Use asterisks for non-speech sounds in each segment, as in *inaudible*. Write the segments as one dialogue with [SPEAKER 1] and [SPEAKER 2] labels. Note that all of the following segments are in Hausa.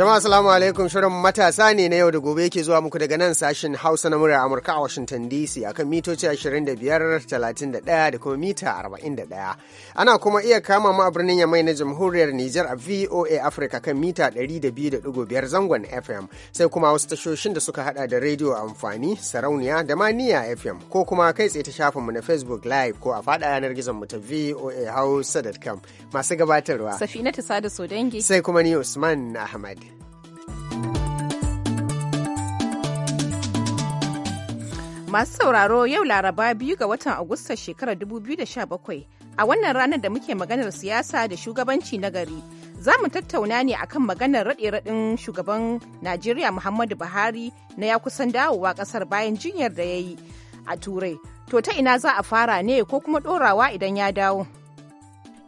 [SPEAKER 1] Jama'a salamu alaikum shirin matasa ne na yau da gobe yake zuwa muku daga nan sashin Hausa na murar Amurka a Washington DC akan mitoci 25, 31 da kuma mita 41. Ana kuma iya kama mu a birnin Yamai na Jamhuriyar Nijar a VOA Africa kan mita 200.5 zangon FM sai kuma wasu tashoshin da suka hada da rediyo amfani, sarauniya da maniya FM ko kuma kai tsaye ta shafin mu na Facebook Live ko a fada yanar gizon mu ta VOA Hausa.com masu gabatarwa. Safina
[SPEAKER 2] ta sada dangi. Sai
[SPEAKER 1] kuma ni Usman Ahmad.
[SPEAKER 2] Masu sauraro yau Laraba biyu ga watan Agusta shekarar 2017 a wannan ranar da muke maganar siyasa da shugabanci na gari. Za mu tattauna ne akan maganar raɗe-raɗin shugaban Najeriya Muhammadu Buhari na ya kusan dawowa ƙasar bayan jinyar da ya yi a Turai. To ta ina za a fara ne ko kuma ɗorawa idan ya dawo?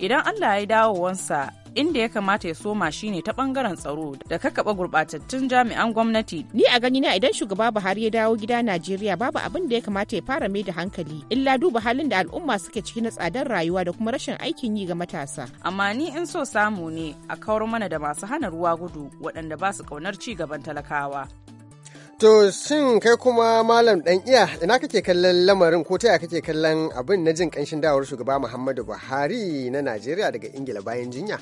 [SPEAKER 3] Idan Allah ya dawowansa inda ya kamata ya soma shine ta bangaren tsaro da kakaba gurbatattun jami'an gwamnati. Ni a gani na idan shugaba Buhari ya dawo gida Najeriya
[SPEAKER 2] babu abin da ya kamata ya fara mai da hankali illa duba halin da al'umma suke ciki na tsadar rayuwa da kuma rashin aikin yi ga matasa.
[SPEAKER 3] Amma ni in so samu ne a kawar mana da masu hana ruwa gudu waɗanda ba su ƙaunar ci gaban talakawa.
[SPEAKER 1] To shin kai kuma malam dan iya ina kake kallon lamarin ko taya kake kallon abin na jin kanshin dawar shugaba Muhammadu Buhari na Najeriya daga Ingila bayan jinya?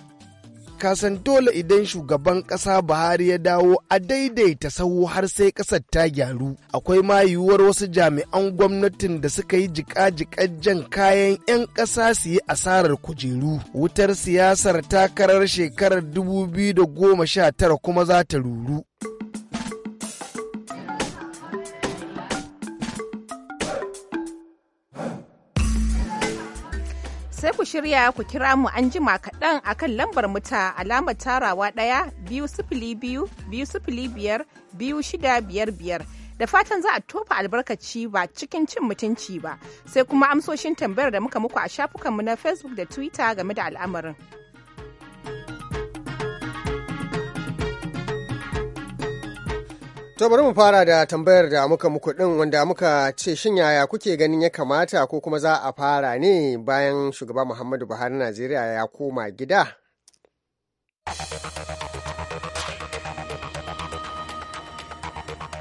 [SPEAKER 4] kasan dole idan shugaban ƙasa Buhari ya dawo a daidaita sahu har sai ƙasar ta gyaru. Akwai ma yiwuwar wasu jami'an gwamnatin da suka yi jika-jikan jan kayan 'yan ƙasa su yi asarar kujeru. Wutar siyasar takarar shekarar 2019 kuma za ta ruru.
[SPEAKER 2] ku shirya ku kira mu an jima kaɗan a kan lambar muta alamar tarawa ɗaya biyu sifili biyu biyu sifili biyar biyu shida biyar biyar. Da fatan za a tofa albarkaci ba cikin cin mutunci ba, sai kuma amsoshin tambayar da muka muku a shafukanmu na Facebook da Twitter game da al'amarin.
[SPEAKER 1] To bari mu fara da tambayar da muka muku din wanda muka ce shin yaya kuke ganin ya kamata ko kuma za a fara ne bayan shugaba Muhammadu Buhari Najeriya ya koma gida?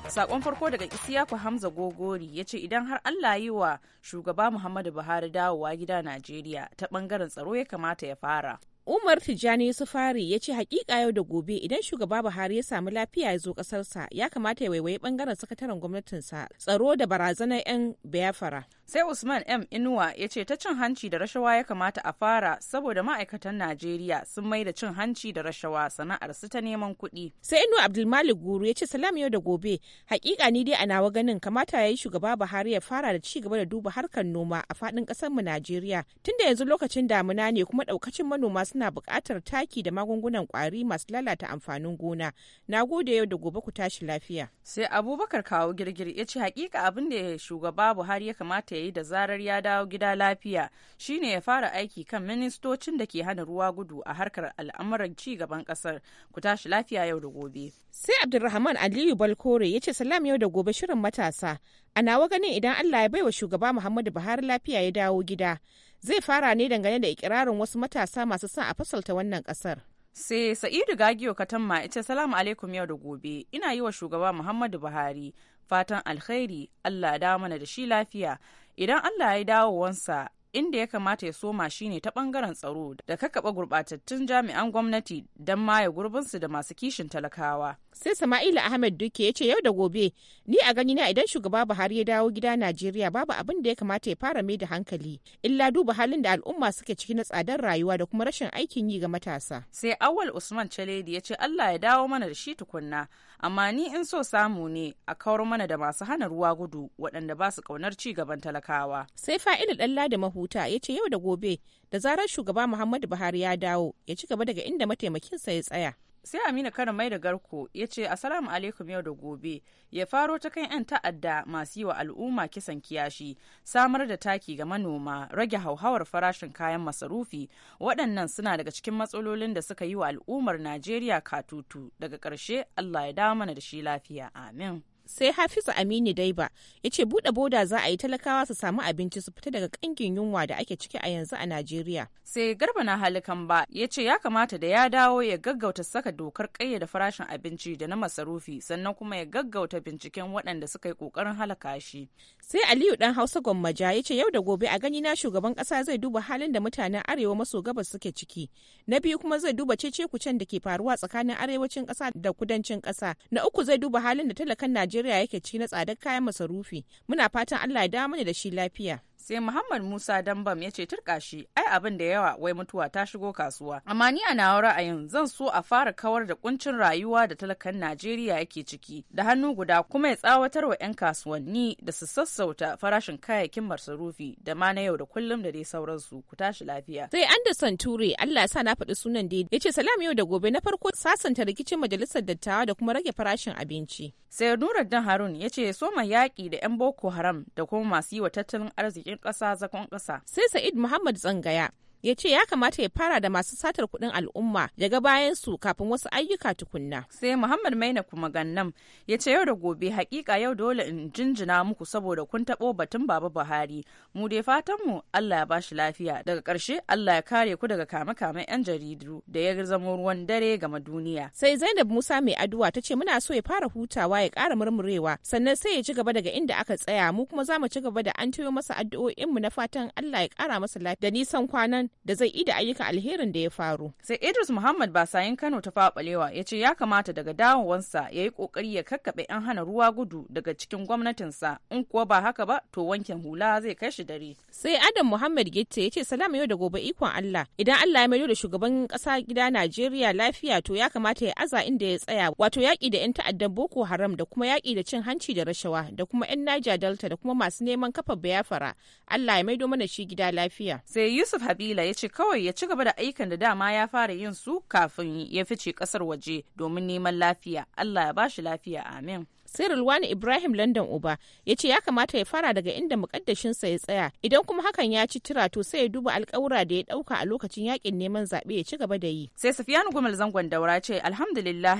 [SPEAKER 3] Sakon farko daga Isiyaku Hamza Gogori ya ce idan har Allah yi wa shugaba Muhammadu Buhari dawowa gida Najeriya ta bangaren tsaro ya kamata ya fara. Umar Tijjani Yusufari ya ce hakika yau da gobe idan shugaba Buhari
[SPEAKER 2] ya samu lafiya ya zo kasarsa ya kamata ya waiwayi bangaren sakataren gwamnatinsa tsaro da barazanar 'yan Biafra.
[SPEAKER 3] sai usman m inuwa ya ce ta cin hanci da rashawa ya kamata a fara saboda ma'aikatan najeriya sun mai da cin hanci da rashawa sana'ar su ta neman kuɗi sai
[SPEAKER 2] inuwa abdulmalik guru ya ce salam yau da gobe hakika ni dai a nawa ganin kamata ya yi shugaba buhari ya fara da ci gaba da duba harkar noma a faɗin ƙasar mu najeriya tunda yanzu lokacin damuna ne kuma ɗaukacin manoma suna buƙatar taki da magungunan ƙwari masu lalata amfanin gona
[SPEAKER 3] na gode yau da gobe ku tashi lafiya sai abubakar kawo girgir ya ce hakika abin da shugaba buhari ya kamata ya yi da zarar ya dawo gida lafiya shine ya fara aiki kan ministocin da ke hana ruwa gudu a harkar al'amuran ci gaban kasar ku tashi lafiya yau da gobe
[SPEAKER 2] sai abdulrahman aliyu balkore ya ce salam yau da gobe shirin matasa a nawa ganin idan allah ya bai wa shugaba muhammadu buhari lafiya ya dawo gida zai fara ne dangane da ikirarin
[SPEAKER 3] wasu matasa masu son a fasalta wannan kasar sai sa'idu gagiyo katamma ya ce salamu alaikum yau da gobe ina yi wa shugaba muhammadu buhari fatan alkhairi allah da mana da shi lafiya idan allah ya dawo wansa inda ya kamata ya soma shine ta bangaren tsaro da kakaɓa gurbatattun jami'an gwamnati don maye gurbinsu da masu kishin talakawa. Sai Sama'ila Ahmed Duke ya ce yau da gobe ni a gani na idan shugaba Buhari ya dawo gida
[SPEAKER 2] Najeriya babu abin da ya kamata ya fara mai da hankali illa duba halin da al'umma suke ciki na tsadar rayuwa da kuma rashin aikin yi ga matasa.
[SPEAKER 3] Sai Awal Usman Chaledi ya ce Allah ya dawo mana da shi tukunna amma ni in so samu ne a kawar mana da masu hana ruwa gudu waɗanda ba su ƙaunar ci gaban talakawa. Sai fa'ilu ɗalla da mahuta ya ce yau da gobe da zarar shugaba
[SPEAKER 2] Muhammadu Buhari ya dawo ya ci gaba daga inda mataimakinsa
[SPEAKER 3] ya tsaya. sai aminu karin mai da garko ya ce asalamu alaikum yau da gobe ya faro ta kan 'yan ta'adda masu yi wa al'umma kisan kiyashi samar da taki ga manoma rage hauhawar farashin kayan masarufi waɗannan suna daga cikin matsalolin da suka yi wa al'ummar najeriya katutu daga ƙarshe allah ya da da shi lafiya amin
[SPEAKER 2] sai hafizu aminu daiba ya ce buɗe boda
[SPEAKER 3] za a yi talakawa su samu abinci su fita daga ƙangin yunwa da ake ciki a yanzu a najeriya sai garba na halikan ba ya ce ya kamata da ya dawo ya gaggauta saka dokar da farashin abinci da na masarufi sannan kuma ya gaggauta binciken waɗanda suka yi kokarin halaka shi sai
[SPEAKER 2] aliyu dan hausa gwammaja ya ce yau da gobe a gani na shugaban ƙasa zai duba halin da mutanen arewa maso gabas suke ciki na biyu kuma zai duba cece kucen da ke faruwa tsakanin arewacin kasa da kudancin ƙasa na uku zai duba halin da talakan najeriya Najeriya yake ci na tsadar kayan masarufi. Muna fatan
[SPEAKER 3] Allah ya damu ne da shi lafiya. sai muhammad musa dambam ya ce turka shi ai abin da yawa wai mutuwa ta shigo kasuwa amma ni a nawa ra'ayin zan so a fara kawar da kuncin rayuwa da talakan najeriya yake ciki da hannu guda kuma ya tsawatar wa 'yan kasuwanni da su sassauta farashin kayayyakin masarufi da ma na yau da kullum da dai sauransu ku tashi lafiya sai anderson
[SPEAKER 2] ture allah sa na faɗi sunan dai ya ce salam yau da gobe na farko sasanta rikicin majalisar dattawa
[SPEAKER 3] da kuma rage farashin abinci sai Dan harun ya ce soma yaƙi da 'yan boko haram da kuma masu yi wa tattalin arzikin kasa zakon kasa. sai sa'id muhammad tsangaya ya ce ya kamata ya fara da masu satar kuɗin al'umma ya ga bayan su kafin wasu ayyuka tukunna. Sai Muhammad Maina kuma gannam ya ce yau da gobe hakika yau dole in jinjina muku saboda kun taɓo batun Baba Buhari. Mu dai fatan mu Allah ya bashi lafiya daga karshe Allah ya kare ku daga kame kame 'yan jaridu da ya zama ruwan dare gama duniya. Sai Zainab Musa mai
[SPEAKER 2] addua ta ce muna so ya fara hutawa ya kara murmurewa sannan sai ya ci gaba daga inda aka tsaya mu kuma za mu ci gaba da an masa addu'o'in mu na fatan Allah ya kara masa lafiya da nisan kwanan da zai ida
[SPEAKER 3] ayyukan alherin da ya faru. Sai Idris Muhammad Basayin Kano ta faɓalewa ya ce ya kamata daga dawowansa ya yi kokari ya kakkaɓe 'yan hana ruwa gudu daga cikin gwamnatin sa in kuwa ba haka ba to wankin hula zai kai shi dare. Sai Adam Muhammad Gitte ya ce salama yau da gobe ikon Allah
[SPEAKER 2] idan Allah ya maido da shugaban ƙasa gida Najeriya lafiya to ya kamata ya aza inda ya tsaya wato yaƙi da 'yan ta'addan Boko Haram da kuma yaƙi da cin hanci da rashawa da kuma 'yan Niger Delta da kuma masu
[SPEAKER 3] neman kafa bayafara Allah ya maido mana shi gida lafiya. Sai Yusuf Habila da ya ce kawai ya ci gaba da aikin da dama ya fara yin su kafin ya fice kasar waje domin neman lafiya allah ya bashi lafiya amin
[SPEAKER 2] sai Rulwani Ibrahim London Uba ya ce ya kamata ya fara daga inda mukaddashinsa ya tsaya idan kuma hakan ya ci tira to sai ya duba alkawura da ya dauka a lokacin
[SPEAKER 3] yakin neman zaɓe ya ci gaba da yi. Sai safiyanu Gumal Zangon Daura ce alhamdulillah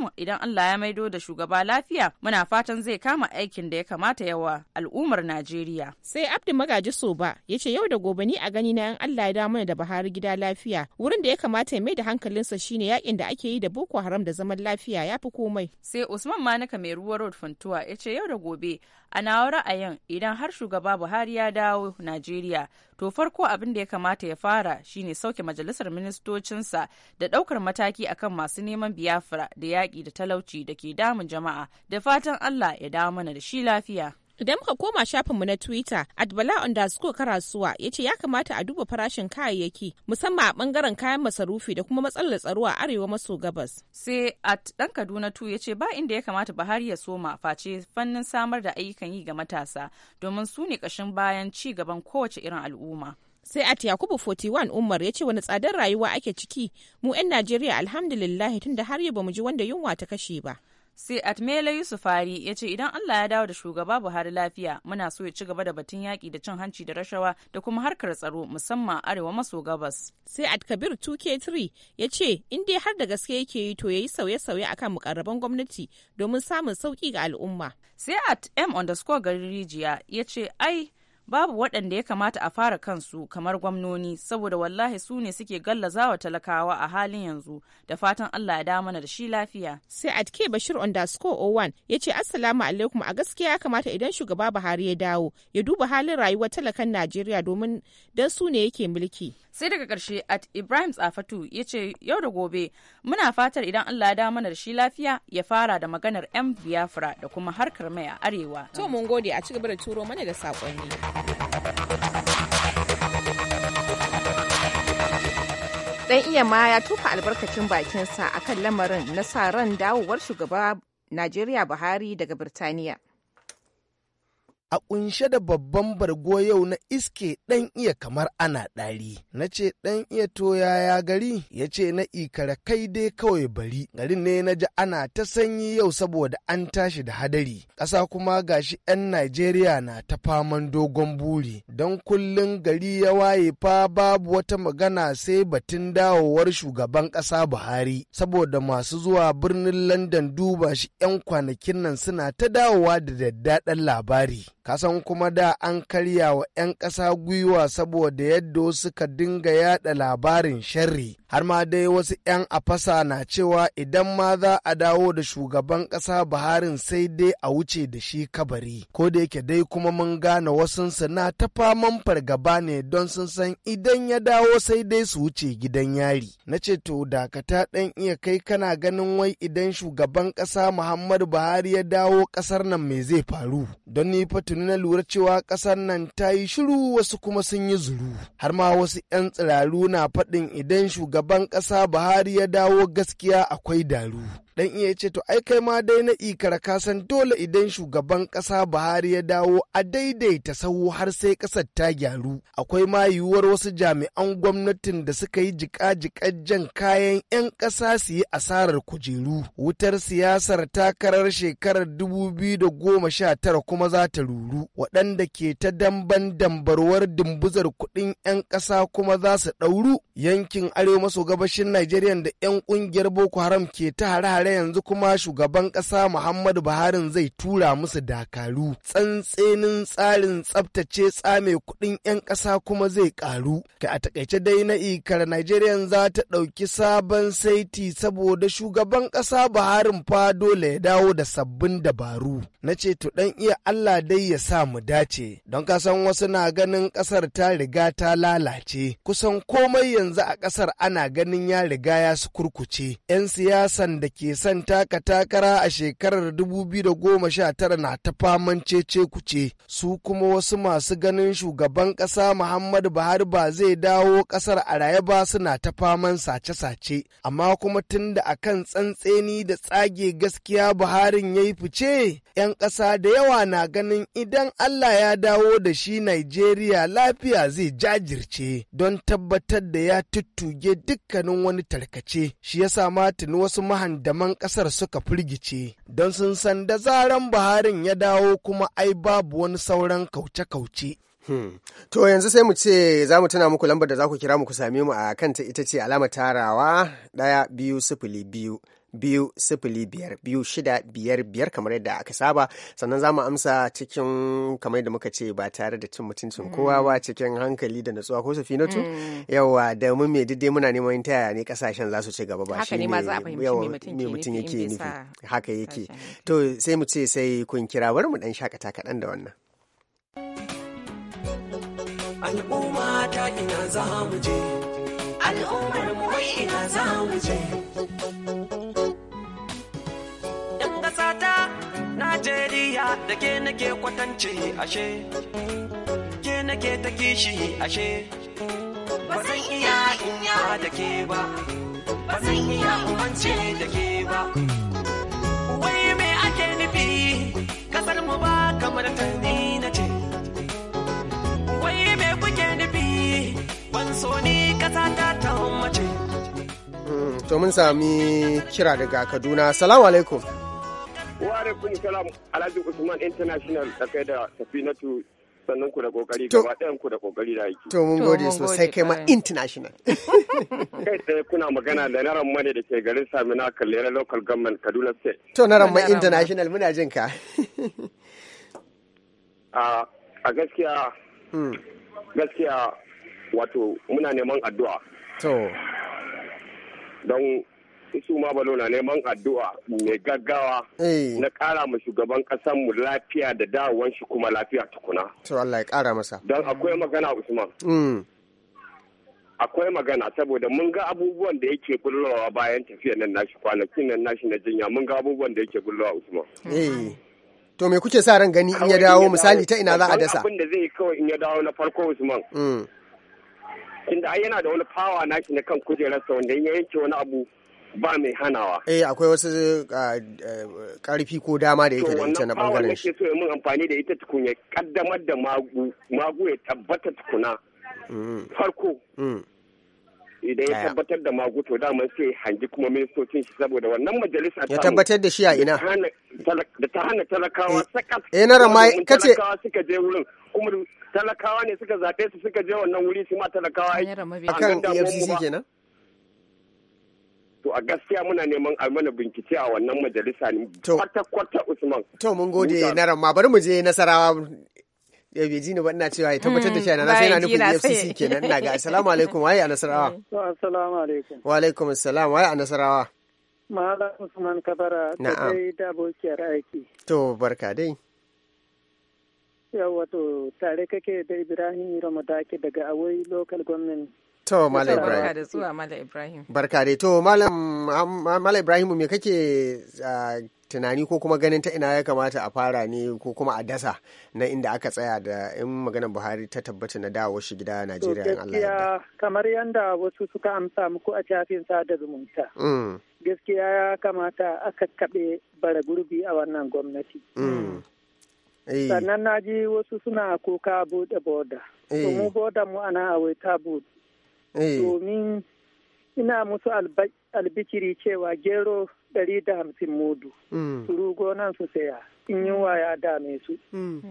[SPEAKER 3] mu idan Allah ya maido da shugaba lafiya muna fatan zai kama aikin da ya kamata yawa al'ummar Najeriya.
[SPEAKER 2] Sai Abdu Magaji Soba ya ce yau da gobe ni a gani na yan Allah ya damu mana da Buhari gida
[SPEAKER 3] lafiya wurin da ya kamata
[SPEAKER 2] ya mai da hankalinsa shine yakin da ake yi da Boko Haram da zaman lafiya ya fi
[SPEAKER 3] komai. Sai Usman Manika Meru sabuwar road ya ce yau da gobe a ra'ayin idan har shugaba buhari ya dawo najeriya to farko abin da ya kamata ya fara shine sauke majalisar ministocinsa da ɗaukar mataki akan masu neman biyafra da yaƙi da talauci da ke damun jama'a da fatan allah ya dawo mana da shi lafiya Idan muka koma
[SPEAKER 2] shafinmu na Twitter, Adbala underscore karasuwa ya ce ya kamata a duba farashin kayayyaki musamman
[SPEAKER 3] a bangaren kayan masarufi da kuma matsalar tsaro a arewa maso gabas. Sai at ɗan Kaduna tu ya ce ba inda ya kamata Buhari ya soma face fannin samar da ayyukan yi ga matasa domin su ne kashin bayan ci gaban kowace irin al'umma.
[SPEAKER 2] sai at yakubu 41 umar ya ce wani tsadar rayuwa ake ciki mu 'yan najeriya tun tunda har yau mu ji wanda yunwa ta kashe ba
[SPEAKER 3] sai atmele Fari ya ce idan allah ya dawo da shugaba buhari lafiya muna so ya ci gaba da batun yaƙi da cin hanci da rashawa da kuma harkar tsaro musamman arewa maso gabas sai Kabir 2k3 ya ce in dai har da gaske yake yi to ya yi sauye-sauye a kan mukarraban gwamnati domin samun sauƙi ga al'umma sai at m underscore garin rijiya ya ce ai babu waɗanda ya kamata a fara kansu kamar gwamnoni saboda wallahi su ne suke gallazawa talakawa a halin yanzu da fatan Allah ya da mana da shi lafiya. Sai
[SPEAKER 2] Atke Bashir underscore Owan oh ya ce Assalamu alaikum a gaskiya ya kamata idan shugaba Buhari ya dawo ya duba halin rayuwar talakan Najeriya domin dan su ne yake mulki.
[SPEAKER 3] sai daga ƙarshe at ibrahim tsafatu ya ce yau da gobe muna fatar idan allah da mana shi lafiya ya fara da maganar yan biafra da kuma harkar mai a arewa to mun gode a cigaba da turo mana da sakonni.
[SPEAKER 2] dan iya ma ya tufa albarkacin bakinsa akan lamarin na sa ran dawowar shugaba najeriya buhari daga birtaniya a kunshe
[SPEAKER 4] da babban bargo yau na iske ɗan iya kamar ana ɗari. Na ce ɗan iya to yaya gari ya ce na ikara kai dai kawai bari garin ne na ji ana ta sanyi yau saboda an tashi da hadari. Ƙasa kuma gashi 'yan Najeriya na ta faman dogon buri don kullum gari ya waye fa babu wata magana sai batun dawowar shugaban ƙasa Buhari saboda masu zuwa birnin London duba shi 'yan kwanakin nan suna ta dawowa da daddaɗan labari. kasan kuma da an karya wa 'yan ƙasa gwiwa saboda yadda suka dinga yada labarin sharri har ma dai wasu 'yan afasa na cewa idan ma za a dawo da shugaban ƙasa buharin sai dai a wuce da shi kabari ko da yake dai kuma mun gane wasunsu na ta faman fargaba ne don sun san idan ya dawo sai dai su wuce gidan yari na ce to dakata ɗan iya kai kana ganin wai idan shugaban ƙasa muhammadu buhari ya dawo ƙasar nan me zai faru don ni fatin tuni na lura cewa ƙasar nan ta yi shiru wasu kuma sun yi zuru har ma wasu 'yan tsiraru na faɗin idan shugaban ƙasa buhari ya dawo gaskiya akwai daru dan iya ce to ai kai ma dai na ikara ka san dole idan shugaban kasa Buhari ya dawo a daidaita sahu har sai kasar ta gyaru akwai ma yiwuwar wasu jami'an gwamnatin da suka yi jika-jikan jan kayan 'yan kasa su yi asarar kujeru wutar siyasar takarar shekarar 2019 kuma za ta ruru waɗanda ke ta damban dambarwar dumbuzar kuɗin 'yan ƙasa kuma za su ɗauru yankin arewa maso gabashin Najeriya da 'yan ƙungiyar Boko Haram ke ta hare-hare tare yanzu kuma shugaban ƙasa Muhammadu Buhari zai tura musu dakaru. Tsantsenin tsarin tsabtace tsame kuɗin 'yan ƙasa kuma zai ƙaru. Ka a takaice dai na ikar Najeriya za ta ɗauki sabon saiti saboda shugaban ƙasa Buhari fa dole ya dawo da sabbin dabaru. Na ce to ɗan iya Allah dai ya sa mu dace. Don ka san wasu na ganin ƙasar ta riga ta lalace. Kusan komai yanzu a ƙasar ana ganin ya riga ya su kurkuce. 'Yan siyasan da ke son taka takara a shekarar 2019 na ta faman cece kuce su kuma wasu masu ganin shugaban ƙasa Muhammadu Buhari ba zai dawo ƙasar a raye ba suna ta faman sace-sace amma kuma tun da akan tsantseni da tsage gaskiya Buharin ya yi fice 'yan ƙasa da yawa na ganin idan Allah ya dawo da shi Najeriya lafiya zai jajirce don tabbatar da ya tuttuge dukkanin wani tarkace shi yasa ma tuni wasu mahandaman shugaban ƙasar suka firgice don sun san da zaran buharin ya dawo kuma ai babu wani sauran
[SPEAKER 1] kauce-kauce. Hmm. To yanzu sai mu ce za mu tuna muku lambar da za ku kira mu ku same mu a kanta ita ce alamar tarawa ɗaya biyu sifili biyu biyu sifili biyar biyu shida biyar biyar kamar yadda aka saba sannan za mu amsa cikin kamar yadda muka ce ba tare da cin mutuncin kowa ba mm. cikin hankali da natsuwa ko safinatu mm. yawa da mu me diddai muna neman ta taya ne kasashen za su ci gaba ba shi ne yawa me mutum yake nufi haka yake to sai mu ce sai kun kira bari mu dan shakata kaɗan da wannan
[SPEAKER 5] al'umma ta ina za mu je
[SPEAKER 4] al'ummar mu ina za mu je da ke nake kwatance ashe ke nake ta kishi ashe ba zan iya inya da ke ba ba zan iya umance da ke ba wai me ake nufi kasar mu ba kamar ta na ce wai me kuke nufi ban so ni kasa ta ta mace
[SPEAKER 1] hmm, to mun sami kira daga kaduna salamu alaikum
[SPEAKER 6] Wa alaikum salam Alhaji Usman International da kai da Safinatu sannan ku da kokari gaba ɗayan ku da kokari da aiki. To mun gode sosai kai ma
[SPEAKER 1] international. *laughs* Kai
[SPEAKER 6] tsaye kuna magana da naran mane da ke garin Samina Kallera local government Kaduna state.
[SPEAKER 1] To naran mai international muna jin ka.
[SPEAKER 6] *laughs* A gaskiya hmm. gaskiya wato muna neman addu'a. To. Don su ma balo na neman addu'a mai gaggawa eh. na kara ma shugaban kasan mu lafiya da dawowan shi kuma lafiya tukuna.
[SPEAKER 1] To Allah ya kara masa. Don
[SPEAKER 6] akwai magana Usman. Mm. Akwai magana saboda mun ga abubuwan da yake gullowa bayan tafiyar nan nashi kwanakin nan nashi na jinya mun ga abubuwan da yake gullowa Usman.
[SPEAKER 1] Eh. To me kuke sa ran gani in ya dawo misali ta ina za a dasa? Abin
[SPEAKER 6] da zai kawai in ya dawo na farko Usman. Mm. Tunda ai yana da wani fawa nashi na kan kujerarsa wanda in ya yanke wani abu ba mai hanawa.
[SPEAKER 1] Eh akwai wasu karfi ah, ah, ko dama da yake da ita na bangaren shi.
[SPEAKER 6] To wannan amfani da ita tukun ya kaddamar da magu magu ya tabbata tukuna. Mm. Farko. Mm. Idan ya tabbatar da magu to dama sai hanji kuma ministocin shi saboda wannan majalisa ta. Ya tabbatar da shi a ina. Da ta hana talakawa eh, sakat. Eh na rama kace. Talakawa suka je wurin kuma talakawa ne suka zaɓe su suka je wannan wuri shi ma talakawa. Akan EFCC kenan. to a gaskiya muna neman a mana bincike a wannan majalisa ne kwata-kwata usman
[SPEAKER 1] to mun gode na ramma bari mu je nasarawa ya eh, bai ji ni ba ina cewa ya tabbatar da hmm, shi na sai na nufin EFCC kenan ina ga assalamu alaikum waye a nasarawa
[SPEAKER 7] hmm. assalamu alaikum
[SPEAKER 1] wa alaikum assalam waye a nasarawa
[SPEAKER 7] Malam Usman Kabara ta dai da abokiyar aiki.
[SPEAKER 1] To barka dai.
[SPEAKER 7] Yawwa to tare kake da Ibrahim Ramadaki daga Awai Local Government To Malam Ibrahim. Barka da
[SPEAKER 1] zuwa
[SPEAKER 2] Malam Ibrahim.
[SPEAKER 1] Barka da To Malam Ibrahim me kake tunani ko kuma ganin ta ina ya kamata a fara ne ko kuma a dasa na inda aka tsaya da in maganar Buhari ta tabbata na dawo shi gida Najeriya in Allah ya
[SPEAKER 7] kamar yanda wasu suka amsa muku a shafin sada zumunta. Mm. Gaskiya ya kamata aka kaɓe bara gurbi a wannan gwamnati. Mm. Eh. Sannan na ji wasu suna kuka buɗe boda. Kuma eh. boda mu ana awai ta buɗe. Eh. domin ina musu albikiri cewa gero ɗari da hamsin mudu mm. su rugo nan su saya in yunwa ya dame su mm.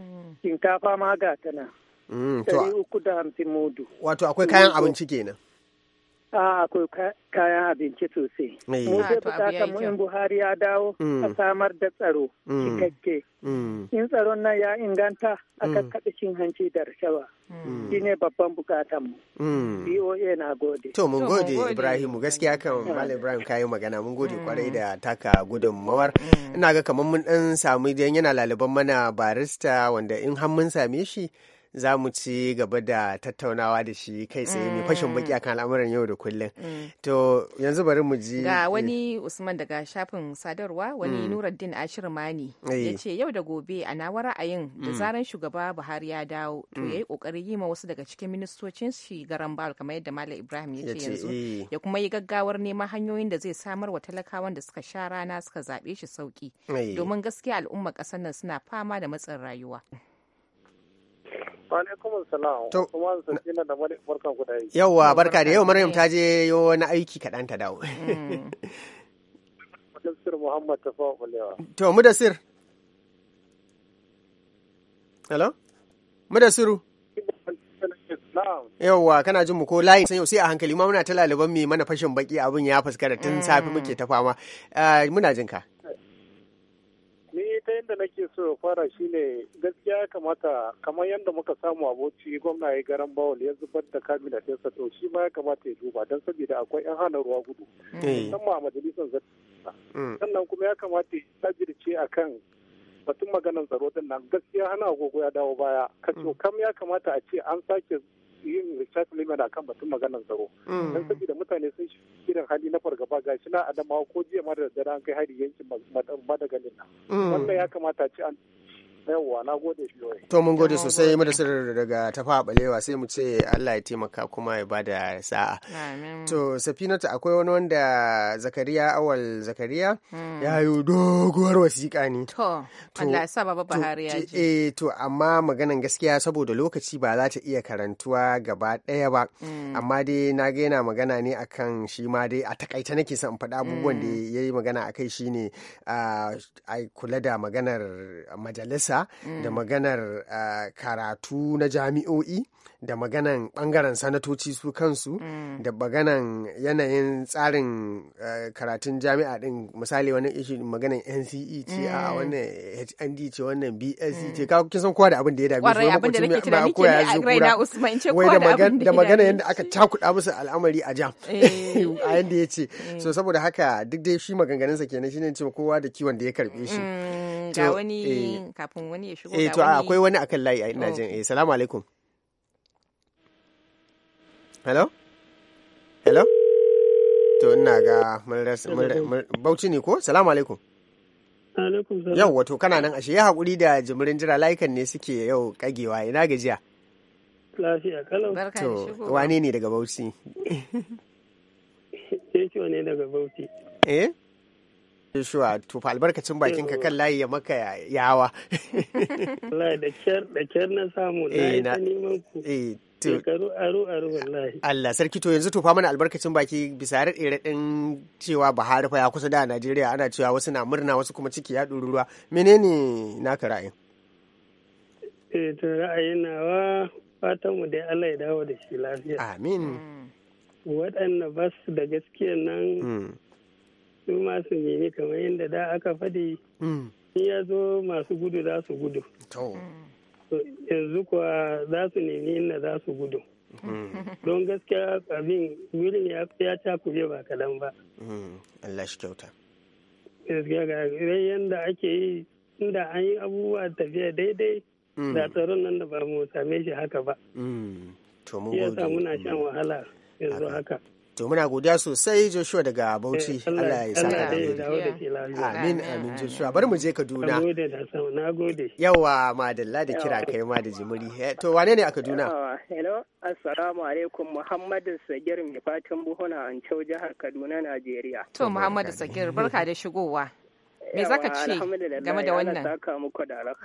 [SPEAKER 7] shinkafa ma ga mm, tana ɗari uku da hamsin mudu
[SPEAKER 1] wato akwai kayan abinci kenan
[SPEAKER 7] a akwai kayan abinci sosai mu dai bukatar mu in buhari ya dawo a mm. samar da tsaro mm. cikakke mm. in tsaron nan ya inganta a kakkaɓe cin hanci da rashawa shi ne babban bukatan mu boa na gode to mun gode ibrahim
[SPEAKER 1] gaskiya kan Malam ibrahim kayi magana mun gode kwarai da taka gudunmawar ina ga kamar mun dan samu idan yana laliban mana barista wanda in har mun same shi za mu ci gaba da tattaunawa da shi kai tsaye mai fashin baki mm. akan al'amuran yau da kullum mm. to yanzu bari mu ji ga eh, wani
[SPEAKER 2] usman daga shafin sadarwa wani mm. nuruddin ashir mani eh. ya ce yau da gobe a nawa ra'ayin da zaran shugaba buhari ya dawo to ya yi kokarin yi ma wasu daga cikin ministocin shi garan bal kamar yadda malam ibrahim ya ce yanzu eh. ya kuma yi gaggawar neman hanyoyin da zai samar wa talakawan da suka sha rana suka zaɓe shi sauki domin gaskiya al'umma ƙasar nan suna fama da matsin rayuwa
[SPEAKER 7] Alaikum da ku da Yawwa barka da yau Maryam ta
[SPEAKER 2] je
[SPEAKER 1] wani aiki kaɗan ta dawo. *laughs*
[SPEAKER 7] Muhammad ta fawa
[SPEAKER 1] To, Mudassir. Hello? Mudassiru. Yawwa kana jin mu ko layin sanyo sai a hankali ma muna ta laliban mai mana fashin baki abin ya fuskara tun safe mm. muke ta fama. Eh, muna jin ka.
[SPEAKER 8] ta yadda nake so ya fara shine gaskiya kamata kamar yadda muka samu aboci gwamna ya garan bawul ya zubar da kabinet to shi ma ya kamata ya duba don saboda akwai yan hana ruwa gudu eh. musamman a majalisar zartisa mm. sannan kuma ya kamata ya tajirce a kan batun maganar tsaro din nan gaskiya hana agogo ya dawo baya mm. kam ya kamata a ce an sake yin recycling akan batun maganar tsaro mm. don saboda mutane sun shi irin hali na fargaba ga shi na adamawa ko jiya ma da daddare an kai hari yankin madagalin nan mm. wannan ya kamata ce an yawwa na gode shi
[SPEAKER 1] to mun gode sosai madasar daga tafa balewa sai mu ce Allah ya taimaka kuma ya bada sa'a to Safinata akwai wani wanda zakariya awal zakariya hmm. ya yi doguwar wasiƙa ne to Allah ya sa baba Buhari ya ji eh to amma maganan gaskiya saboda lokaci ba za ta iya karantuwa gaba ɗaya ba hmm. amma dai na ga yana magana ne akan shi ma dai a takaita nake son faɗa abubuwan da hmm. ya yi magana akai shine ah, a kula da maganar majalisa al'ada mm. da maganar eh, karatu na jami'o'i da maganan bangaren sanatoci su kansu mm. da maganan yanayin tsarin eh, karatun jami'a din misali wani ishi maganan nce ce mm. a wannan hnd ce wannan bsc ce ka kin san kowa da abin da ya dame su lokacin da ba koya ya Usman
[SPEAKER 2] kura wai da magana yadda
[SPEAKER 1] aka cakuɗa musu al'amari a jam eh. *laughs* a yadda ya ce so saboda haka duk dai shi maganganunsa kenan shi ne ce kowa da kiwon da ya karbe shi
[SPEAKER 2] ga wani eh, kafin wani ya shigo eh to akwai wani
[SPEAKER 1] akan layi a ina jin eh salamu alaikum hello hello to ina ga bauchi ne ko salamu alaikum yau wato kana nan ashe ya haƙuri da jimirin jira layukan ne suke yau kagewa ina gajiya
[SPEAKER 5] lafiya kalau to wane
[SPEAKER 1] ne daga bauchi
[SPEAKER 5] *laughs* ne daga bauchi
[SPEAKER 1] eh Joshua tufa albarkacin bakin ka kan layi ya maka yawa.
[SPEAKER 5] Allah da kyar na samu na yi ta neman ku. Eh, eh, Shekaru aru aru wallahi.
[SPEAKER 1] Allah sarki to yanzu tufa mana albarkacin baki bisa raɗe raɗin cewa Buhari fa ya kusa da Najeriya ana cewa wasu na murna wasu kuma ciki ya ɗuru ruwa menene naka ra'ayin?
[SPEAKER 5] Eh to ra'ayin nawa fatan mu dai Allah ya dawo da shi lafiya. Amin. Waɗanda ba su da gaskiya nan hmm. su ma su nemi kamar yadda da aka faɗi mm. in ya zo masu gudu za su gudu yanzu kuwa za su nemi inda za su gudu mm. don gaskiya abin wurin ya takure ba kadan ba
[SPEAKER 1] mm. Allah shi kyauta
[SPEAKER 5] gaskiya ga yadda ake yi inda an yi abubuwa tafiya daidai da tsaron nan da ba mu same shi haka ba
[SPEAKER 1] ya muna shan wahala yanzu haka to muna godiya sosai joshua daga eh, bauchi allah ya sa amin amin joshua bari mu je kaduna yawa madalla da kira kai ma da jimiri
[SPEAKER 5] eh,
[SPEAKER 2] to wane ne a kaduna
[SPEAKER 9] hello assalamu alaikum muhammadu sagir mai fatan buhuna an jihar kaduna najeriya to muhammadu sagir barka
[SPEAKER 2] da shigowa me za ce game da wannan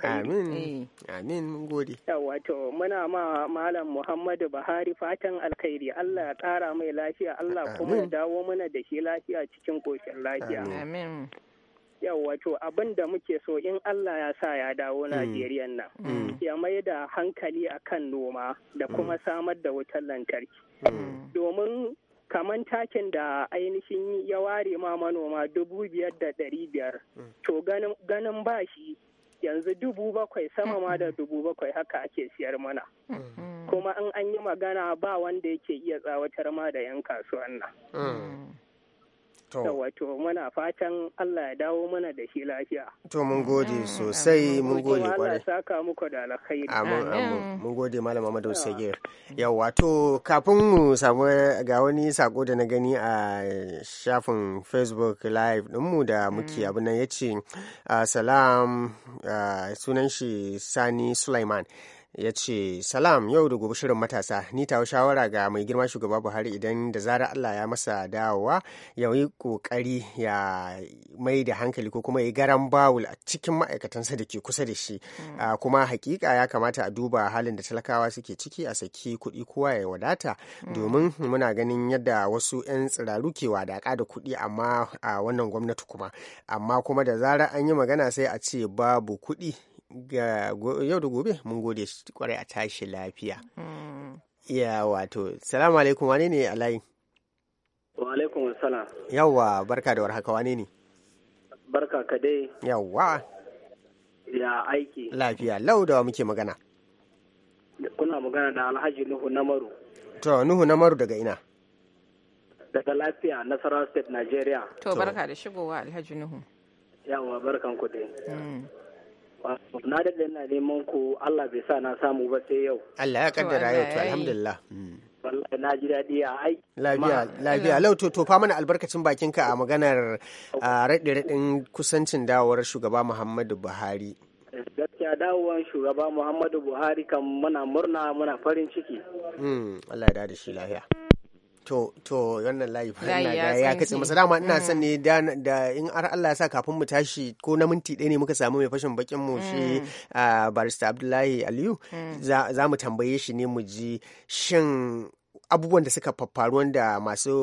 [SPEAKER 9] amin eh. amin mun gode muna ma malam muhammadu buhari fatan alkhairi allah ya kara mai lafiya allah kuma ya dawo mana da shi lafiya cikin koshin lafiya amin wato abin da muke so in allah ya sa ya dawo mm. najeriya nan mm. ya mai da hankali akan noma da mm. kuma samar da wutar lantarki domin kaman takin da ainihin ya ware ma manoma dubu biyar da ɗari biyar mm. to ganin bashi yanzu dubu bakwai sama ma da dubu bakwai haka ake siyar mana kuma in an yi magana ba wanda yake iya tsawatar ma da 'yan kasuwan nan mm. wato muna fatan Allah ya dawo mana da shi lafiya.
[SPEAKER 1] To mun gode sosai mun gode kwarai. Allah
[SPEAKER 9] saka muku da alkhairi. Amin amin mun
[SPEAKER 1] gode malam Ahmadu ah. Sagir. Yawwa to kafin mu samu ga wani sako da na gani a shafin Facebook live mu da muke mm. abin nan yace ah, salam ah, sunan shi Sani Sulaiman. ya ce salam yau da gobe shirin matasa ni tawo shawara ga mai girma shugaba buhari idan da zara allah ya masa dawowa ya yi kokari ya mai da hankali ko kuma ya garan bawul a cikin ma'aikatansa da ke kusa da shi mm. ah, kuma hakika ya kamata a duba halin da talakawa suke ciki a saki kuɗi kowa ya wadata mm. domin muna ganin yadda wasu 'yan tsiraru ke wadaka da kuɗi amma a wannan gwamnati kuma amma kuma da zara an yi magana sai a ce babu kuɗi ga yau da gobe mun gode kwarai a tashi lafiya.
[SPEAKER 9] Hmm.
[SPEAKER 1] ya wato, salamu alaikum wane ne a layin?
[SPEAKER 9] Wa alaikum salam.
[SPEAKER 1] Yawwa, barka da warhaka wane ne?
[SPEAKER 9] Barka ka dai. Yawwa. Ya aiki.
[SPEAKER 1] Lafiya, lau da muke magana.
[SPEAKER 9] Kuna magana da Alhaji Nuhu Namaru.
[SPEAKER 1] To, Nuhu Namaru daga ina?
[SPEAKER 9] Daga lafiya, Nasarawa State, Nigeria. To, barka
[SPEAKER 2] da shigowa Alhaji Nuhu.
[SPEAKER 9] Yawwa, barkan ku dai. Hmm. na daɗe na neman ku Allah bai sa na samu ba sai yau.
[SPEAKER 1] Allah ya kaddara yau to alhamdulillah. Hmm.
[SPEAKER 9] Wallahi na ji daɗi a aiki.
[SPEAKER 1] Lafiya lafiya lau to fa mana albarkacin ka a maganar raɗe-raɗin kusancin dawowar shugaba Muhammadu Buhari.
[SPEAKER 9] gaskiya dawowar shugaba Muhammadu Buhari kan muna murna muna farin ciki.
[SPEAKER 1] Hmm, Allah ya dada shi lafiya. to to wannan layi ya kace masa dama ina son ne mm. da in har Allah ya sa kafin mu tashi ko na minti ɗaya ne muka samu mai fashin bakin mu shi mm. ah, barista Abdullahi Aliyu mm. za mu tambaye shi ne mu ji shin abubuwan da suka faffaru wanda masu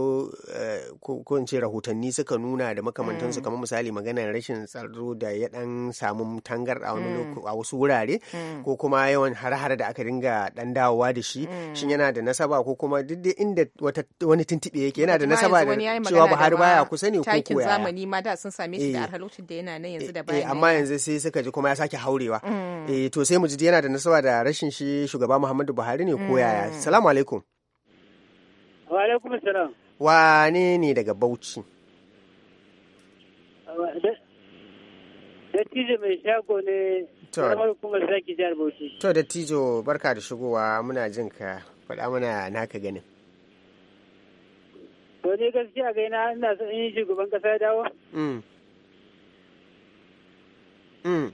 [SPEAKER 1] eh, ko ce rahotanni suka nuna da makamantansu mm. kamar misali maganar rashin tsaro da ya dan samu tangar a mm. wasu wurare mm. ko kuma yawan har-har da aka dinga dan dawowa da shi shin yana da nasaba ko kuma duk inda wani tuntube yake yana da nasaba da cewa Buhari baya kusa ne ko kuwa takin zamani
[SPEAKER 2] ma da sun same shi da eh. arhalocin da yana nan yanzu eh, da bayan amma
[SPEAKER 1] yanzu sai suka ji kuma ya sake haurewa to sai mu ji yana da nasaba da rashin shi shugaba Muhammadu Buhari ne ko yaya salamu alaikum
[SPEAKER 7] Wa alaikum salam.
[SPEAKER 1] Wane ne daga Bauchi?
[SPEAKER 7] Dattijo mai shago ne karamar hukumar zaki jihar Bauchi.
[SPEAKER 1] To dattijo barka da shigowa muna jin ka faɗa mana naka ganin.
[SPEAKER 7] To ne gaskiya ga ina ina son in shugaban kasa dawo. Mm. Mm.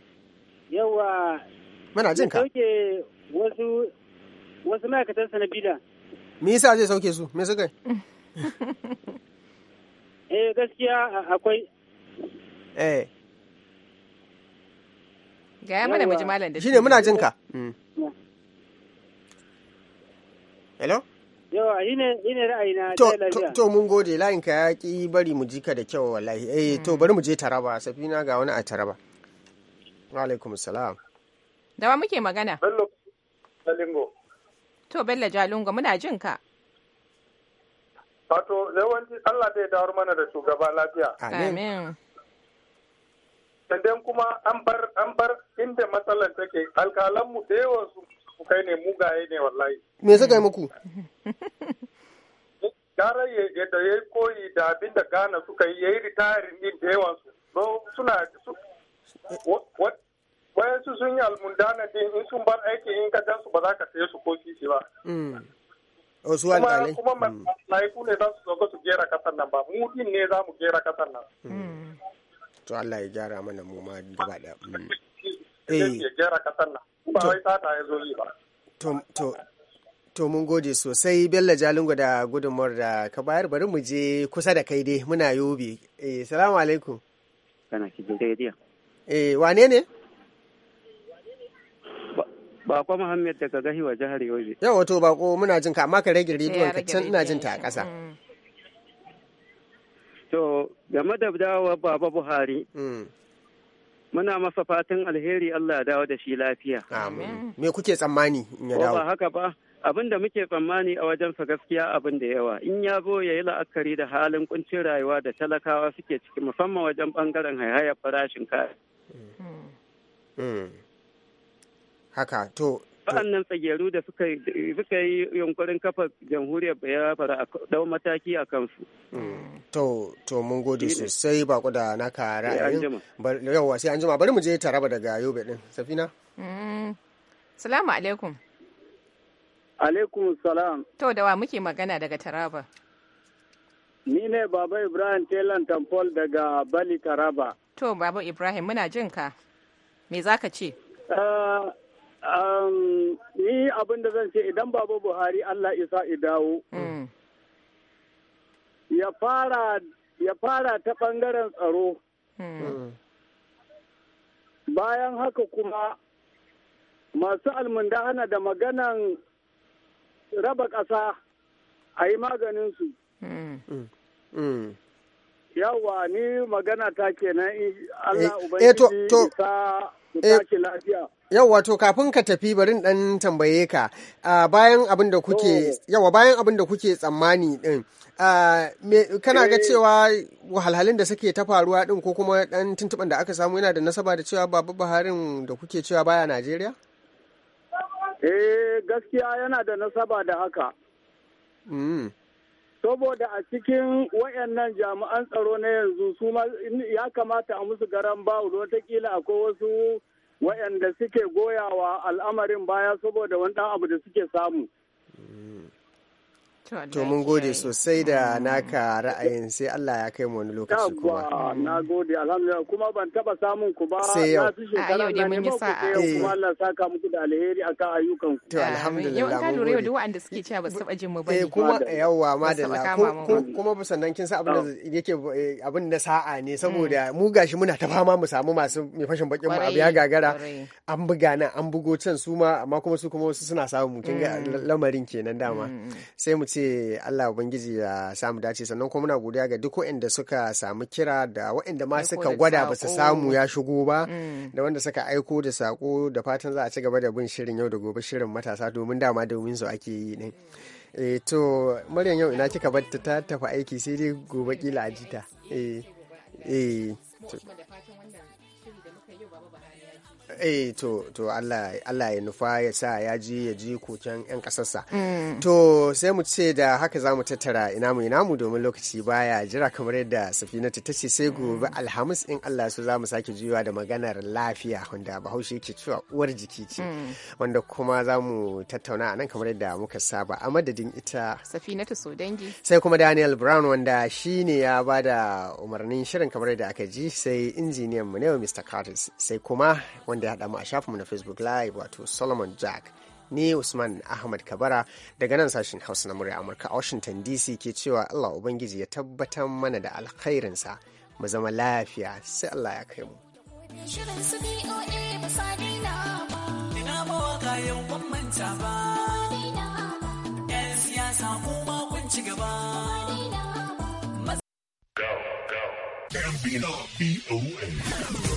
[SPEAKER 7] Yawa. Muna jin ka. wasu ma'aikatar ma'aikatan sanabila.
[SPEAKER 1] me yasa zai sauke su me suka yi *laughs*
[SPEAKER 7] eh gaskiya akwai eh ga mana miji malam da shine muna jinka
[SPEAKER 1] mm. hello
[SPEAKER 7] yawa ine ine ra'ayina to to
[SPEAKER 1] mun gode layin ka ya ki bari mu ji ka da kyau wallahi eh to mm. bari mu je taraba safina ga wani a taraba wa alaikum salam
[SPEAKER 2] da wa muke magana hello salingo To Bello Jalunga muna jin ka.
[SPEAKER 8] Wato yawanci Allah zai dawar mana da shugaba lafiya. Amin. Sannan kuma an bar an bar inda matsalar take alkalanmu da yawan su kai ne mugaye ne wallahi.
[SPEAKER 1] Me suka yi muku?
[SPEAKER 8] *laughs* Gara yadda ya koyi da abin da gana suka yi ya yi ritayar din da yawan su. suna wayansu sun yi almundana din in sun bar aiki in ka gansu ba za ka saye su ko sisi ba. Wasu mm. oh, alƙalai. Kuma mm. mala'iku ne za su zo su gera kasar nan ba, mu din ne za mu gera kasar nan.
[SPEAKER 1] Mm. To Allah ya gyara mana mu ma
[SPEAKER 8] gaba da. Eh. Ya gyara kasar nan. Ba wai sata ya zo yi ba.
[SPEAKER 1] To, to, To mun gode sosai Bello Jalingo da gudunmuwar da ka bayar bari mu je kusa da kai dai muna yobe. Eh salamu alaikum.
[SPEAKER 7] Kana ki jirgin
[SPEAKER 1] Eh wane ne?
[SPEAKER 5] Bako Muhammad daga Gahiwa jihar Yobe.
[SPEAKER 1] Yau wato bako muna jin ka amma ka rage eh, rediyon ka ina jin ta a ƙasa. Mm.
[SPEAKER 5] To game da dawowa Baba Buhari. Mm. Muna masa fatan alheri Allah dawo da shi lafiya. Amin.
[SPEAKER 1] Me kuke tsammani in ya dawo? Ba
[SPEAKER 5] haka ba. Abin da muke tsammani a wajen wajensa gaskiya abin da yawa. In ya zo ya yi la'akari da halin kuncin rayuwa da talakawa suke ciki musamman wajen bangaren haihayar farashin kaya.
[SPEAKER 1] Mm. haka to
[SPEAKER 5] nan tsageru da suka yi yunkurin kafa jamhuriyar ya fara dau mataki a kansu.
[SPEAKER 1] Mm, to, to mun gode sosai bako da naka ra'ayin yauwa sai an jima bari mu je taraba daga yobe din safina.
[SPEAKER 2] Mm. Salamu alaikum.
[SPEAKER 8] Alaikum salam.
[SPEAKER 2] To da wa muke magana daga taraba.
[SPEAKER 8] Ni ne Baba Ibrahim Telan Tampol daga Bali Taraba.
[SPEAKER 2] To Baba Ibrahim muna jin ka. Me za ka ce? Eh, Um, ni abin
[SPEAKER 8] da zan ce idan babu buhari allah isa idawo mm. ya fara ya fara ta ɓangaren tsaro mm. bayan haka kuma masu hana da maganan raba ƙasa a yi maganinsu mm. yawa ni magana ta kenan allah eh, eh, ubangiji ta eh, tashi lafiya
[SPEAKER 1] Yau wato kafin ka tafi barin dan tambaye ka bayan abin da kuke oh. yawa bayan abin da kuke tsammani din kana ga eh. cewa wahalhalun da suke ta faruwa din ko kuma dan tuntuban da aka samu yana da nasaba da cewa babu Buharin da kuke cewa baya Najeriya?
[SPEAKER 8] Eh gaskiya yana da nasaba da haka. Hmm. saboda a cikin wayannan jami'an tsaro na yanzu su ya kamata a musu garan bawul watakila akwai wasu waɗanda suke goyawa al'amarin baya saboda wani abu da suke samu. To mun gode
[SPEAKER 1] sosai da naka ra'ayin sai Allah ya kai mu wani lokaci kuma. Na
[SPEAKER 8] gode alhamdulillah kuma ban taba samun ku ba
[SPEAKER 2] sai yau. A yau dai mun yi sa'a. Kuma eh. Allah saka muku da alheri kan ayyukan ku. To alhamdulillah. Yau ka lura yau duk wanda suke cewa ba su taba jin mu ba. Eh kuma yawa madalla kuma ba
[SPEAKER 1] sannan kin san abin da yake eh, abin da sa'a ne mm. saboda mu gashi muna ta fama mu samu masu mai fashin bakin mu abu ya gagara. An buga nan an bugo can su ma amma kuma su kuma wasu suna samu kin ga mm. lamarin kenan dama. Mm, sai mu ce Allah ubangiji ya samu dace sannan kuma muna godiya ga duk waɗanda suka samu kira da waɗanda ma suka gwada ba su samu ya shigo ba mm. da wanda suka aiko da sako da fatan za a ci gaba da bin shirin yau da gobe shirin matasa domin dama domin su ake yi ne eh to Maryam yau ina kika bar ta tafi aiki sai dai gobe kila a jita eh, eh eh to to Allah Allah ya nufa ya sa ya ji ya ji koken yan kasarsa mm. to sai mu ce da haka zamu tattara ina mu ina mu domin lokaci baya jira kamar yadda Safinatu ta ce sai gobe Alhamis in Allah su zamu sake juyawa da maganar lafiya wanda Bahaushe yake cewa uwar jiki ce mm. wanda kuma zamu tattauna nan kamar yadda muka saba a madadin ita so dangi. sai kuma Daniel Brown wanda shine ya bada umarnin shirin kamar yadda aka ji sai injiniyan mu ne Mr. Curtis sai kuma wanda da ya haɗa mu a shafinmu na facebook live wato solomon jack ni usman ahmad kabara daga nan sashen hausa na murya amurka a washington dc ke cewa allah ubangiji ya tabbatar mana da alkhairinsa mu zama lafiya sai allah ya kai mu
[SPEAKER 4] Shirin su BOA ba sa daina siyasa Go, go. B-O-A.